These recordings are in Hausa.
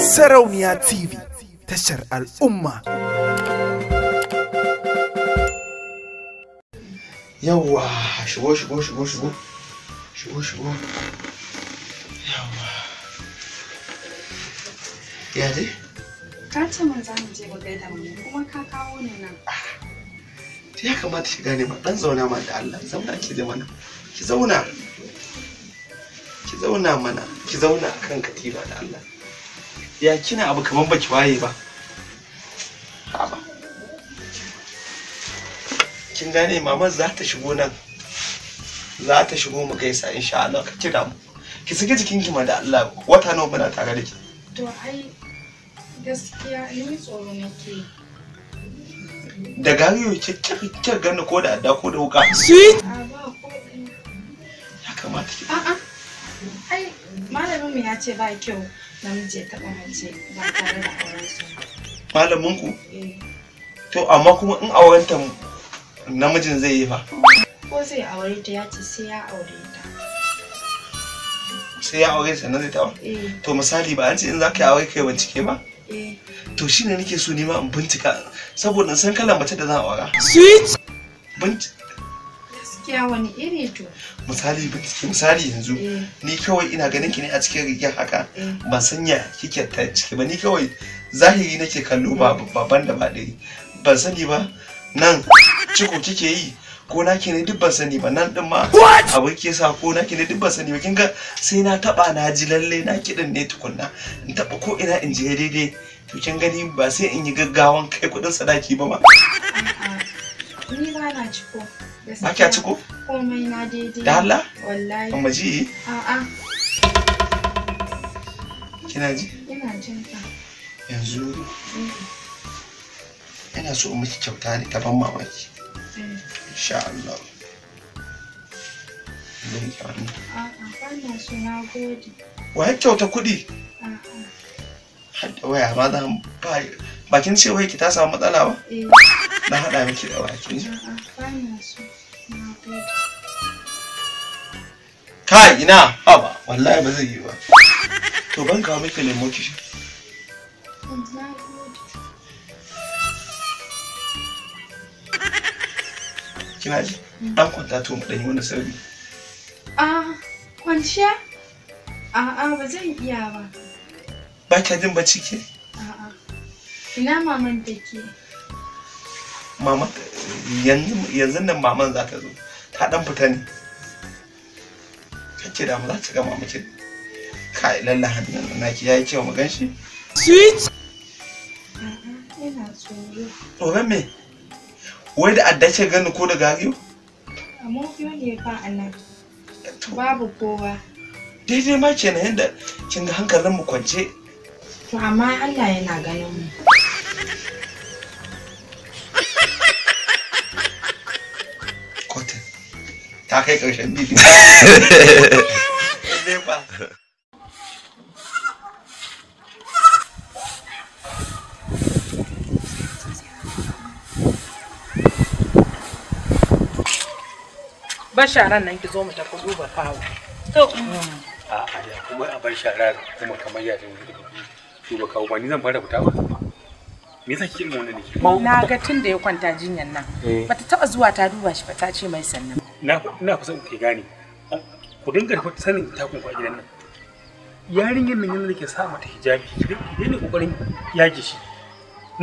Sarauniya TV tashar al'umma. Yawwa shigo shigo shigo shigo shigo shigo yawwa ya dai? Ka ce min za mu je mu gaida mu kuma ka kawo ni nan. Ta Ya kamata shiga ne ma ɗan zauna ma da Allah zauna ki da mana ki zauna ki zauna mana ki zauna kan katiba da Allah. ya kina abu kamar baki waye ba kin gane mama za ta shigo nan za ta shigo mu gaisa insha Allah ka kira mu ki saki jikin ki ma da Allah wata nawa muna tare da ki to ai gaskiya ni tsoro nake da gariyo ce ki ganni ko da adda ko da wuka sweet ya kamata ki a'a ai malamin mu ya ce ba kyau malamin ku eh. to amma kuma in aurenta namijin zai yi fa ko zai aure ya ce sai ya aure ta sai ya aure ta sannan zai taɓa eh. to misali ba an ce in za ka yi aure kai bincike ba eh. to shine nake so nima in bincika saboda san kalan mace da za a aura sweet Bincike. gaskiya wani iri to misali misali yanzu eh. ni kawai ina ganin ki ne a cikin rigar haka eh. ban sanya kike ta ciki ba ni kawai zahiri nake kallo ba hmm. babban da ba ɗari ban sani ba nan ciko kike yi ko na ke ne dubban sani ba nan din ma abin ke sa ko na ke ne dubban sani ba kin ga sai na taba na ji lalle na kiɗin ne tukunna in taba ko ina in je daidai to kin gani ba sai in yi gaggawan kai kuɗin sadaki ba ma hmm. ina ciko. Ba kya ciko? Komai na daidai. Da Allah? Wallahi. Amma ji? A'a. Kina ji? Ina jin ka. Yanzu mm. ina so miki kyauta ne ta ban mamaki. Mm. Insha Allah. Zan kyauta. A'a, ba na so na gode. Wa ya kyauta kuɗi? A'a. Hadda waya ma zan ba bakin ce wai ki ta samu matsala ba? Eh. na haɗa miki da wake kai ina haba wallahi ba zai yi ba to ban kawo miki lemo ki kina ji dan kwanta to mu dan yi wani sirri a kwanciya a'a ba zan iya ba ba ka jin bacci ke a'a ina maman take mama yanzu nan maman za ta zo ta dan fita ne kace da za ta ga mama ce kai lalla hannun na ki yayi cewa mu ganshi sweet tsoron me wai da addace gani ko da gariyo amma fi wani ba a nan babu kowa daidai ma ce na yadda kin ga hankalin mu kwance to amma Allah yana ganin mu ta kai ƙarshen bidiyo bar sharan nan ki zo mu tafi duba fawo to mm. a a kuma a bar sharan kuma kamar yadda ya duba kawo ba ni zan fara fita ba me yasa kike wannan ne na ga tun da ya kwanta jinyar nan eh. bata taba zuwa ta duba shi ba ta ce mai sannan na na kusa ku gane ku dinga da sanin takun kwa gidan nan yarinyar nan yana nake sa mata hijabi ne kokarin yage shi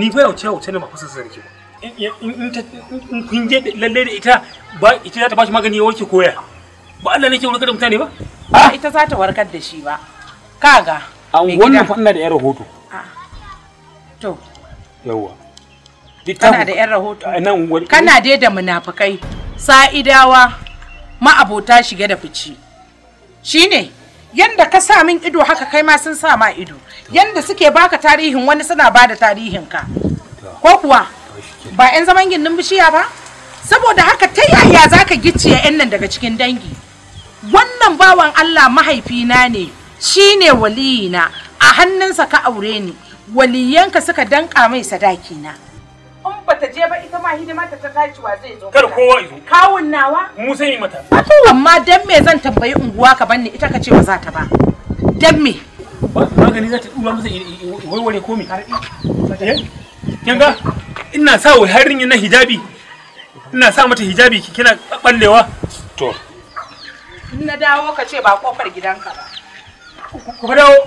ni fa yauce yauce ne ba fasa sarki ba in kun je lalle da ita ba ita za ta bashi magani ya warke koya ba Allah nake warkar da mutane ba ba ita za ta warkar da shi ba kaga an wannan fa da yar rahoto to yawa kana da yan rahoto kana dai da munafukai sa'idawa ma'abota shige da fici shine yanda ka sa min ido haka kai ma sun sa ma ido yanda suke baka tarihin wani suna bada tarihin ka ko kuwa ba 'yan zaman gindin bishiya ba saboda haka ta yaya za ka gicciya 'yan nan daga cikin dangi wannan bawan allah mahaifina ne shine ne waliyina a hannunsa ka aure ni waliyanka suka danka mai sadaki na in bata je ba ita ma hidima ta ta tashi wa zai zo kar kowa izo kawun nawa mu sai mata amma dan me zan tambayi unguwa ka banni ita ka ce ba za ta ba dan me magani za ta dura masa waiware komi eh? kinga ina sa wa harin na hijabi ina sa mata hijabi kina ballewa to na dawo ka ce ba kofar gidanka ba ku dawo